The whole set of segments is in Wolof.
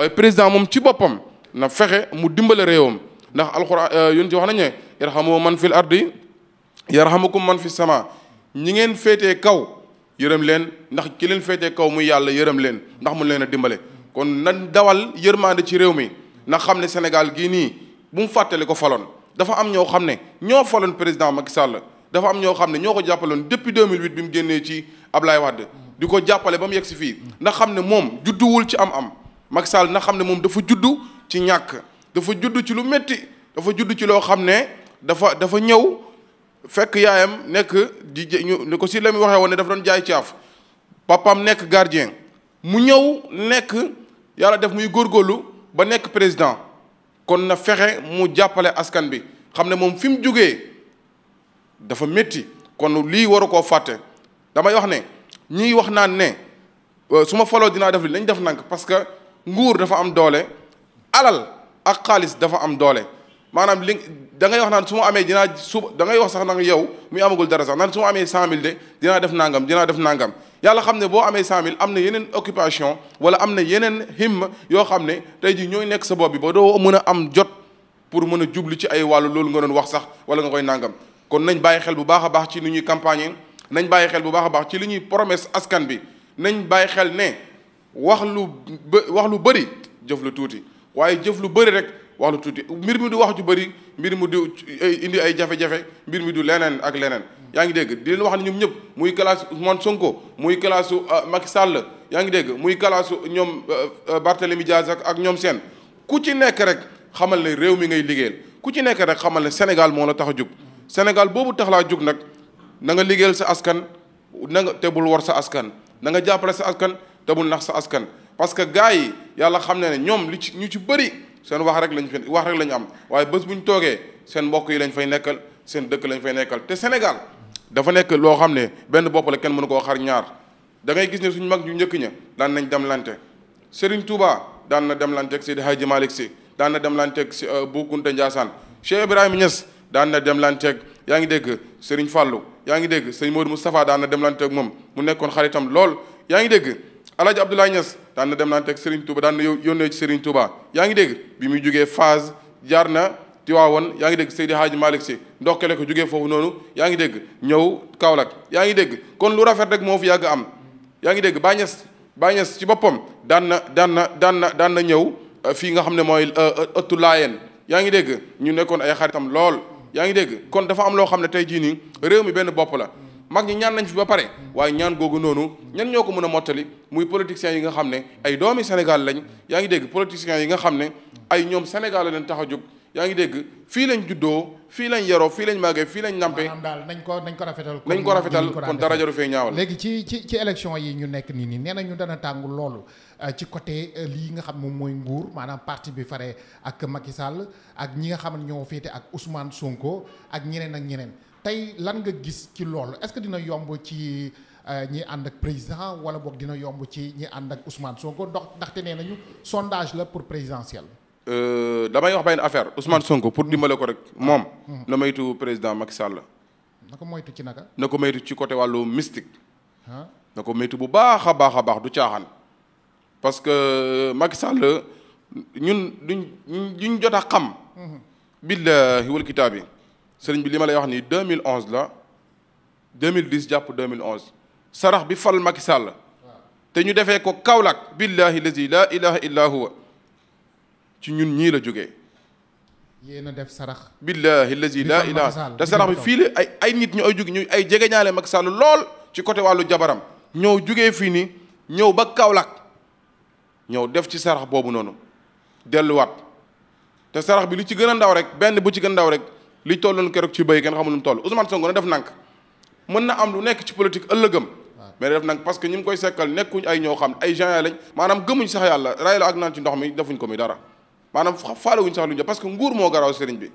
waaye président moom ci boppam na fexe mu dimbale réewam ndax alxuraan euh, yun ci wax nañu ne irhamu man fil ardi yarhamukum man fi sama ñi ngeen féetee kaw yërëm leen ndax ki leen féetee kaw muy yàlla yërëm leen ndax mun leen a dimbale kon nan dawal yërmande ci réew mi na xam ne Sénégal gii nii bu mu fàttali ko faloon dafa am ñoo xam ne ñoo faloon président Macky Sall dafa am ñoo xam ne ñoo ko jàppaloon depuis 2008 bi mu génnee ci Ablaye Wade di ko jàppale ba yegg si fii ndax xam ne moom judduwul ci am-am Macky Sall na xam ne moom dafa juddu ci ñàkk dafa juddu ci lu métti dafa juddu ci loo xam ne dafa dafa ñëw fekk yaayam nekk di ñu ni ko si la muy waxee woon ne dafa doon jaay caaf papaam nekk gardien mu ñëw nekk yàlla def muy góor góorlu ba nekk président kon na fexe mu jàppale askan bi xam ne moom fi mu jógee dafa metti kon lii waru koo fàtte damay wax ne ñiy wax naan ne euh, su ma faloo dinaa def li nañ def nank parce nguur dafa am doole alal ak xaalis dafa am doole maanaam li da ngay wax naan su ma amee dinaa su da ngay wax sax nag yow mi amagul dara sax naan su ma amee 100000 de dina def nangam dina def nangam yàlla xam ne boo amee 100000 am na yeneen occupation wala am na yeneen himma yoo xam ne tey jii ñooy nekk sa bopp bi ba doo mën a am jot pour mën a jublu ci ay wàllu loolu nga doon wax sax wala nga koy nangam kon nañ bàyyi xel bu baax a baax ci ni ñuy campagne nañ bàyyi xel bu baax a baax ci li ñuy promesse askan bi nañ bàyyi xel ne. wax lu bë wax lu bëri jëf lu tuuti waaye jëf lu bëri rek wax lu tuuti mbir mi du wax ju bëri mbir mi du indi ay jafe-jafe mbir mi du leneen ak leneen. yaa ngi dégg di leen wax na ñoom ñëpp muy classe Ousmane Sonko muy classe euh, Macky sàll yaa ngi dégg muy classe ñoom euh, euh, Barthélemy Diaz ak ak ñoom seen ku ci nekk rek xamal ne réew mi ngay liggéeyal ku ci nekk rek xamal ne Sénégal moom la tax a jóg Sénégal boobu tax laa jóg nag na nga liggéeyal sa askan na nga tebul sa askan na nga jàppale sa askan. te bul nax sa askan parce que gars yi yàlla xam na ne ñoom lu ci ñu ci bëri seen wax rek lañ fi wax rek la ñu am waaye bés bu ñu toogee seen mbokk yi lañ fay nekkal seen dëkk lañ fay nekkal te Sénégal dafa nekk loo xam ne benn bopp la kenn mënu koo xar ñaar dangay gis ne suñu mag ñu njëkk ña daan nañ demlante lante Serigne Touba daan na dem lante ak Seydi Hadji Malick Sy daan na dem lante ak euh, Bou Kounta Ndiassane Cheikh Ibrahima Niass daan dem lante yaa ngi dégg Serigne Fallou yaa ngi dégg Serigne Modou Moustapha daan na dem moom mu nekkoon xaritam lool yaa ngi dégg alaaji Abdoulaye Niass daan na dem naan teg Serigne Touba daan na yónnee ci Serigne yaa ngi dégg bi muy jugee phase jaar na Tiwaawoon yaa ngi dégg Seydi Hadji Malick Sy ndokkale ko jugee foofu noonu yaa ngi dégg ñëw Kaolack yaa ngi dégg kon lu rafet rek moo fi yàgg am yaa ngi dégg Baye Niass Baye Niass ci boppam daan na daan na daan na ñëw euh, fii nga xam ne mooy euh, euh, ëttu laayeen yaa ngi dégg ñu nekkoon ay xaritam lool yaa ngi dégg kon dafa am loo xam ne tey jii nii réew mi benn bopp la mag ñi ñaan nañ fi ba pare waaye ñaan googu noonu ñan ñoo ko mën a mottali muy politiciens yi nga xam ne ay doomi Sénégal lañ yaa ngi dégg politiciens yi nga xam ne ay ñoom Sénégal la leen tax a jóg yaa ngi dégg fii lañ juddoo fii lañ yaroo fii lañ màggee fii lañ nàmpe daal nañ ko nañ ko rafetal nañ ko rafetal kon dara jaru fee ñaawal léegi ci ci ci élection yi ñu nekk nii nii nee nañu dana tàngu loolu Euh, ci côté euh, lii nga xam moom mooy nguur maanaam parti bi fare ak Macky Sall ak ñi nga xam ne ñoo féete ak Ousmane Sonko ak ñeneen ak ñeneen tey lan nga gis ci loolu est-ce que dina yomb ci euh, ñi ànd ak président wala boog dina yomb ci ñi ànd ak Ousmane Sonko dox ndaxte nee nañu sondage la pour présidentiel. damay wax benn affaire Ousmane Sonko pour dimbale ko rek ah. moom. Hmm. na moytu président Macky Sall. na ko moytu ci naka. na ko moytu ci côté wàllu mystique. Ah. na ko moytu bu baax a baax a baax du caaxaan. parce que euh, Macky Sall ñun duñ duñ jot a xam. billahi wal kitaab bi sëriñ bi li ma lay wax nii 2011 la 2010 jàpp 2011 sarax bi fal Macky sàll te ñu defee ko Kaolack billahi lazi la ilaha illa huwa ci ñun ñii la jógee. yéen a def sarax. billahi lazi la ilaha te sarax bi fii la ay ay nit ñu ay jóg ñu ay jegeñaale Macky Sall lool ci côté wàllu jabaram ñoo jóge fii nii ñëw ba Kaolack. ñëw def ci sarax boobu noonu delluwaat te sarax bi li ci gën a ndaw rek benn bu ci gën a ndaw rek li tolloon keroog ci béy kenn xamul nu mu toll Ousmane Sonko na am lu nekk ci politique ëllëgam. mais def nag parce que ñi ngi sekkal nekkuñ ay ñoo xam ay gens lañ maanaam gëmuñ sax yàlla ray la ci ndox mi defuñ ko mi dara maanaam faalewuñ sax lu ñu que nguur moo garaaw sëriñ bi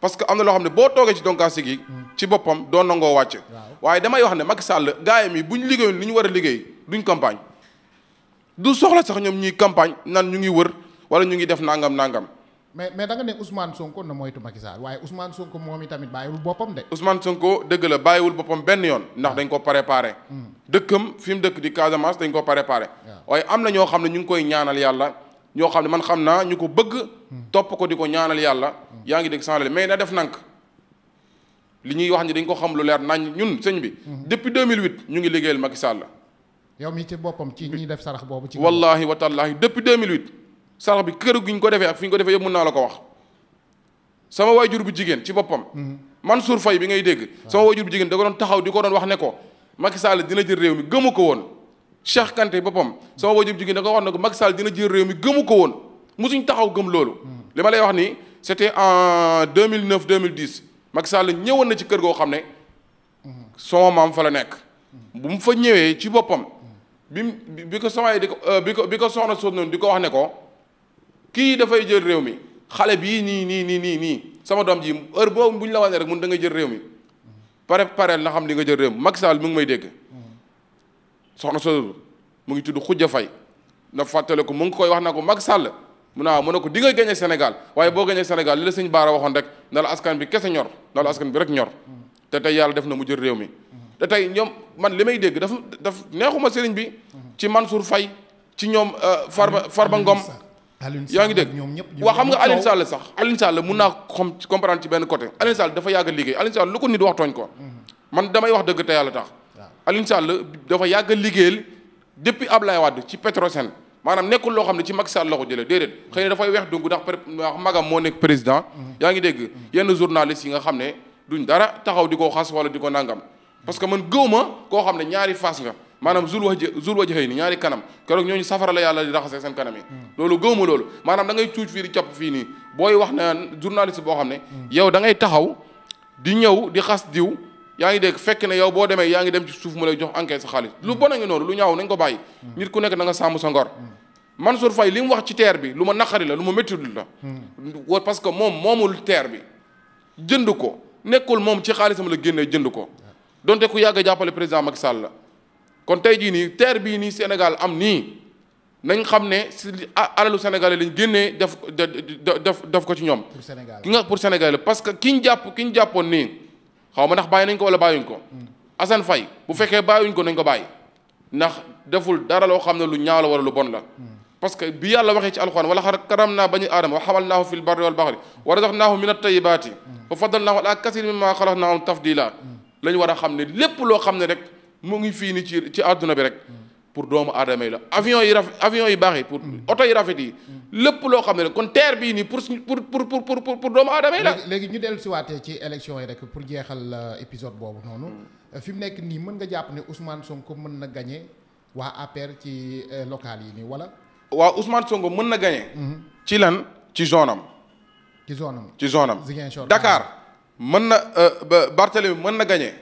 parce que am na loo xam ne boo toogee ci donkaasi gi hmm. ci boppam doon nangoo wàcc waaye damay wax ne Macky Sall gaayam yi buñ liggéeyul li ñu war a liggéey duñ campagne du soxla sax ñoom ñuy campagne nan ñu ngi wër wala ñu ngi def nangam nangam. mais mais danga ne Ousmane Sonko na moytu Macky waaye Ousmane Sonko moom itamit bàyyiwul boppam de. Ousmane Sonko dëgg la bàyyiwul boppam benn yoon ndax ah. dañ ko préparé. Hmm. dëkkam fi mu dëkk di Casamance dañ ko préparé. Ah. waaye am na ñoo xam ne ñu ngi koy ñaanal yàlla ñoo xam ne man xam naa ñu ko bëgg. Hmm. topp ko di ko ñaanal yàlla. Hmm. yaa ngi dégg sànq mais na def nank li ñuy wax ni dañ ko xam lu leer nañ ñun sëñ bi. depuis 2008 ñu ngi liggéeyal Macky Sall yow mi ci boppam ci ñi def sarax boobu. ci wallaahi wa tallaahi depuis 2008 sarax bi kër gi ñu ko defee ak fi ñu ko defee yëpp mën naa la ko wax sama waajur bu jigéen ci boppam. Mhm. Mansour Faye bi ngay dégg. sama waajur bu jigéen da ko doon taxaw di ko doon wax ne ko Macky Sall dina jël réew mi gëmu ko woon. Cheikh Kanté boppam sama waajur bu jigéen da ko wax ne ko Macky Sall dina jël réew mi gëmu ko woon musuñ taxaw gëm loolu. Mhm. li ma lay wax nii c'était en deux 2009 2010 Macky Sall ñëwoon na ci kër goo xam ne. Mhm. soo maam fa la nekk. bu mu fa ñëwee ci boppam. bi bi ko sama di euh, ko bi ko bi soxna sot noonu di ko wax ne ko kii dafay jël réew mi xale bii nii nii nii nii nii sama doom ji heure boobu bu ñu la wane rek mun da nga jël réew mi pare pareel na xam li nga jël réew mi mag Sall mu ngi may dégg soxna mu ngi tudd Khoudia Faye na fàttale ko mu ngi koy wax na ko Macky Sall mun naa mun ne ko di nga gañe Sénégal waaye boo gañee Sénégal li la sëñ Baara waxoon rek na la askan bi kese ñor na askan bi rek ñor te tey yàlla def na mu jël réew mi te tey ñoom man li may dégg dafa daf neexuma sëriñ bi ci Mansour Faye ci ñoom euh, far Farba Ngom yaa ngi dégg waa xam nga Alioune Sall sax Alioune Sall mun naa xam comprendre ci benn côté Alioune Sall dafa yàgg a liggéey Alioune Sall lu ko nit mm-hmm. damay wax dëgg te yàlla tax Alioune Sall dafa yàgg a liggéeyal depuis Ablaye Wade ci Petrosen maanaam nekkul loo xam ne ci mag Sall la ko jëlee déedéet mm-hmm. xëy na dafay weex dung ndax magam moo nekk président mm-hmm. yaa ngi dégg yenn journaliste yi nga xam ne duñ dara taxaw di ko xas wala di ko nangam parce que man gëw ma koo xam ne ñaari face nga maanaam zul waj zul wajhayni ñaari kanam keroog ñooñu safara la yàlla di raxasee seen kanam yi hmm. loolu gëw ma loolu maanaam da ngay cuuc fii di copp fii nii booy wax na journaliste boo xam ne hmm. yow da di ñëw di xas diw yaa ngi dégg fekk ne yow boo demee yaa ngi dem ci suuf mu lay jox enquête sa xaalis lu bon a ngi noonu lu ñaaw nañ ko bàyyi hmm. nit ku nekk da nga sa ngor Mansour Faye li mu wax ci teer bi lu ma naqari la lu ma méttiwul la parce que moom moomul terre bi jënd ko nekkul moom ci xaalisam la génnee jënd ko donte ku yàgg a jàppale président Macky Sall la kon tey jii nii terre bii nii Sénégal am nii nañ xam ne si alalu sénégalais lañ génnee def def def ko ci ñoom. pour Sénégal ki nga pour Sénégal la parce que ki ñu jàpp ki ñu jàppoon nii xaw ma ndax bàyyi nañ ko wala bàyyuñ ko. Mm. Assane Faye bu fekkee bàyyuñ ko nañ ko bàyyi ndax deful dara loo xam ne lu ñaaw la wala lu bon la. Mm. parce bi yàlla waxee ci alxuraan wala xar karam naa bani aadama wa xamalnaahu fil barri wal baxri wa razaqnaahu min at-tayyibaati wa faddalnaahu ala kasirin mimmaa lañ war a xam ne lépp loo xam ne rek mu ngi fii ni ci ci àdduna bi rek pour doomu aadama la avion yi rafet avion yi baax yi pour mm. oto yi rafet yi mm. lépp loo xam ne rek kon terre bii nii pour pour pour pour pour doomu aadama yi la léegi ñu dellu siwaatee ci élection yi rek pour jeexal euh, épisode boobu noonu mm. fi mu nekk nii mën nga jàpp ne Ousmane Sonko mën na gagné waa APR ci euh, local yi nii wala waaw Ousmane Sonko mën na gagné mm-hmm. ci lan ci zone am ci zone am ci zone am Dakar mën na euh, Barthélemy mën na gañe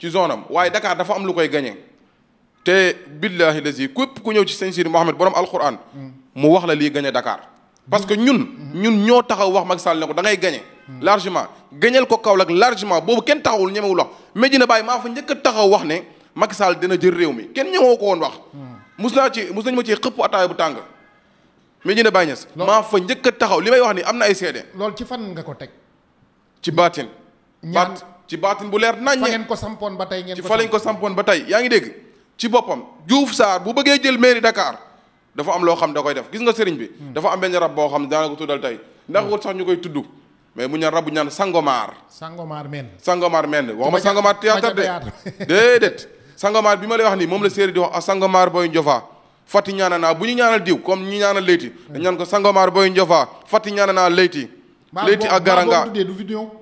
ci zone am waaye dakaar dafa am lu koy gañe te billahi lazi képp ku ñëw ci sëñ Sidi Mohamed borom alquran mu wax la lii gañe dakaar parce que ñun ñun ñoo taxaw wax mag Sall ne ko dangay ngay gañe largement gañel ko Kaolack largement boobu kenn taxawul ñemewul wax Medina Baye maa fa njëkk taxaw wax ne Macky Sall dina jël réew mi kenn ñëwoo ko woon wax mus naa ci mus nañu ma ci xëpp ataaya bu tàng Medina Baye Niass maa fa njëkk taxaw li may wax ni am na ay seede loolu ci fan nga ko teg ci baatin. ñaan ci baatin bu leer naññee. fa ngeen ko sampoon ba tey ngeen ko fa lañ ko sampoon ba tey yaa ngi dégg. ci boppam Diouf Sarr bu bëggee jël mairie dakaar dafa am loo xam da koy def gis nga sëriñ bi. Hmm. dafa am benn rab boo xam daana ko tuddal tey. ndax hmm. wut sax ñu koy tudd. mais mu ñaan rabu ñaan sangomaar. sangomaar meen sangomaar men waxuma sangomaar théâtre de déedéet. sangomaar bi ma lay wax nii moom la séeréer di wax a sangomaar booy njofa fatti ñaana naa bu ñu ñaanal diw comme ñu ñaanal layti. Hmm. dañu ñaan ko sangomaar booy njofa fatti ñaana naa layti léegi ak garanga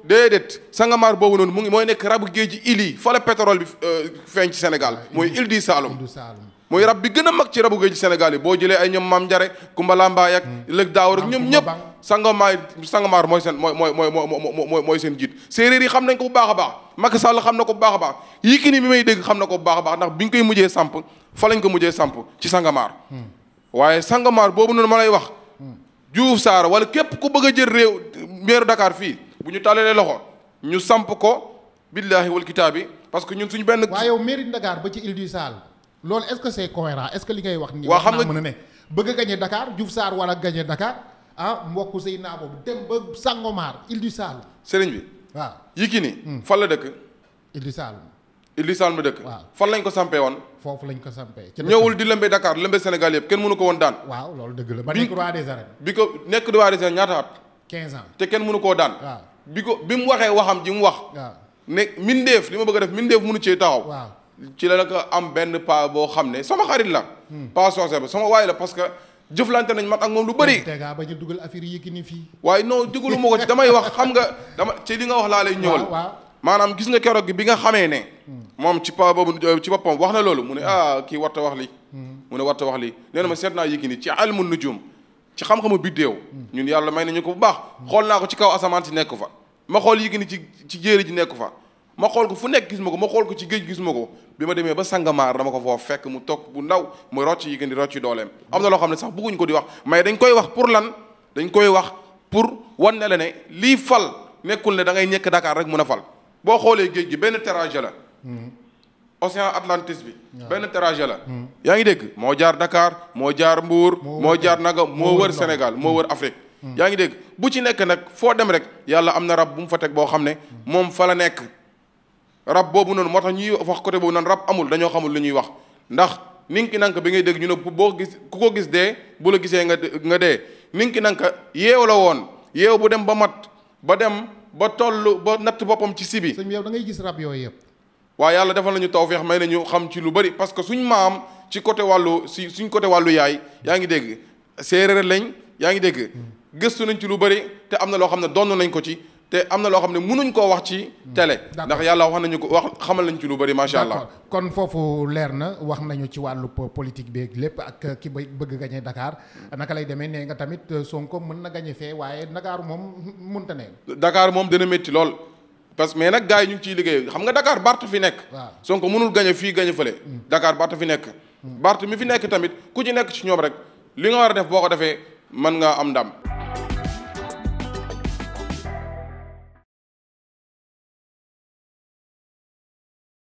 déedéet sangamaar boobu noonu mu ngi mooy nekk rabu géeji île yi fa la pétrole bi euh, feeñ ci Sénégal mooy île du Saloum mooy rab bi gën a mag ci rabu géeji Sénégal yi boo jëlee ay ñoom maam njare Kumba Lambaay ak hmm. lëg daaw rek ñoom ñëpp sangamaay sangamaar mooy seen mooy mooy mooy mooy mooy seen jiit séeréer yi xam nañ ko baax a baax Macky Sall xam na ko bu baax a baax Yékini bi may dégg xam na ko bu baax a baax ndax bi ñu koy mujjee samp fa lañ ko mujjee samp ci sangamaar hmm. waaye sangamaar boobu noonu ma lay wax hmm. Diouf Sarr wala képp ku bëgg a jël réew meeru Dakar fii bu ñu tàllalee loxo ñu samp ko billaahi wal kitaabi parce que ñun suñu benn. waaye yow mairie Dakar ba ci Île du Sall loolu est-ce que c'est cohérent est-ce que li ngay wax. nii xam naa mën a ne bëgg a gagné Dakar Diouf Sarr war a gagné Dakar ah, mbokk say naa boobu dem ba Sangomar Île du Sall. sëriñ bi waaw Yékini. Hmm. fan la dëkk. Île du Sall. Île du Sall mu dëkk. waaw fan lañ ko sampee woon. foofu lañ ko sampee. ñëwul di lëmbee Dakar lëmbee Sénégal yëpp kenn ko woon daan. waaw loolu dëgg la ba nekk ko nekk roi des arènes 15 ans te kenn mënu koo daan. bi ko bi mu waxee waxam ji mu wax. ne mindeef li ma bëgg a def mindeef mënu cee taxaw. ci la nag am benn pa boo xam ne sama xarit la. Hmm. pa soose ba sama waay la parce que jëflante nañ man ak moom lu bari tey ba ñu dugal affaire yi ni fii. waaye non dugalu ma ko ci damay wax xam nga dama ci li nga wax laa lay ñëwal. maanaam gis nga keroog bi nga xamee ne. Hmm. moom ci pa boobu euh, ci boppam wax na loolu mu ne hmm. ah kii warta wax lii. mu ne wax lii nee ma seet naa Yékini ci almu nujum ci xam-xamu biddéew ñun yàlla may nañu ko bu baax hmm. xool naa ko ci kaw asamaan si nekk fa ma xool yi ci ci jéeri ji nekk fa ma xool ko fu nekk gis ma ko ma xool ko ci géej gis ma ko bi ma demee ba sangamaar dama ko foofu fekk mu toog bu ndaw muy rocc yi gën di rocc dooleem am na loo xam ne sax bëgguñ ko di wax mais dañ koy wax pour lan dañ koy wax pour wan ne la ne lii fal nekkul ne da ngay ñekk Dakar rek mun a fal boo xoolee géej gi benn terrasse la hmm. océan Atlantique bi. benn trajet la. Hmm. yaa ngi dégg moo jaar Dakar moo jaar Mbour. moo jaar naga moo wër Sénégal hmm. moo wër Afrique. Hmm. yaa ngi dégg bu ci nekk nag foo dem rek yàlla am na rab bu mu fa teg boo xam ne moom fa la nekk rab boobu noonu moo tax ñuy wax côté boobu noonu rab amul dañoo xamul lu ñuy wax ndax ninki nanka bi ngay dégg ñu ne boo gis ku ko gis dee bu la gisee nga nga dee ninki nanka yeew la woon yeew bu dem ba mat ba dem ba toll ba natt boppam ci sibi sëñ bi yow ngay gis rab yooyu yëpp waaye yàlla defal nañu tawfeex may nañu xam ci lu bari parce que suñ maam ci côté wàllu si suñ côté wàllu yaay yaa ngi dégg séeréer lañ yaa ngi dégg gëstu nañ ci lu bari te am na loo xam ne donn nañ ko ci te am na loo xam ne mënuñ koo wax ci télé ndax yàlla wax nañu ko wax xamal nañ ci lu bari macha allah kon foofu leer na wax nañu ci wàllu politique beeg lépp ak ki bëgg gañee dakaar naka lay demee nee nga tamit Sonko mën na gañe fee waaye Dakar moom mënta ne Dakar moom dana métti lool parce que mais nag gars yi ñu ci ciy xam nga Dakar Bart fi nekk. waaw Sonko mënul gañe fii gañe fële. Hmm. Dakar Bart fi nekk. Hmm. Bart mi fi nekk tamit ku ci nekk ci ñoom rek li nga war a def boo ko defee mën nga am ndam.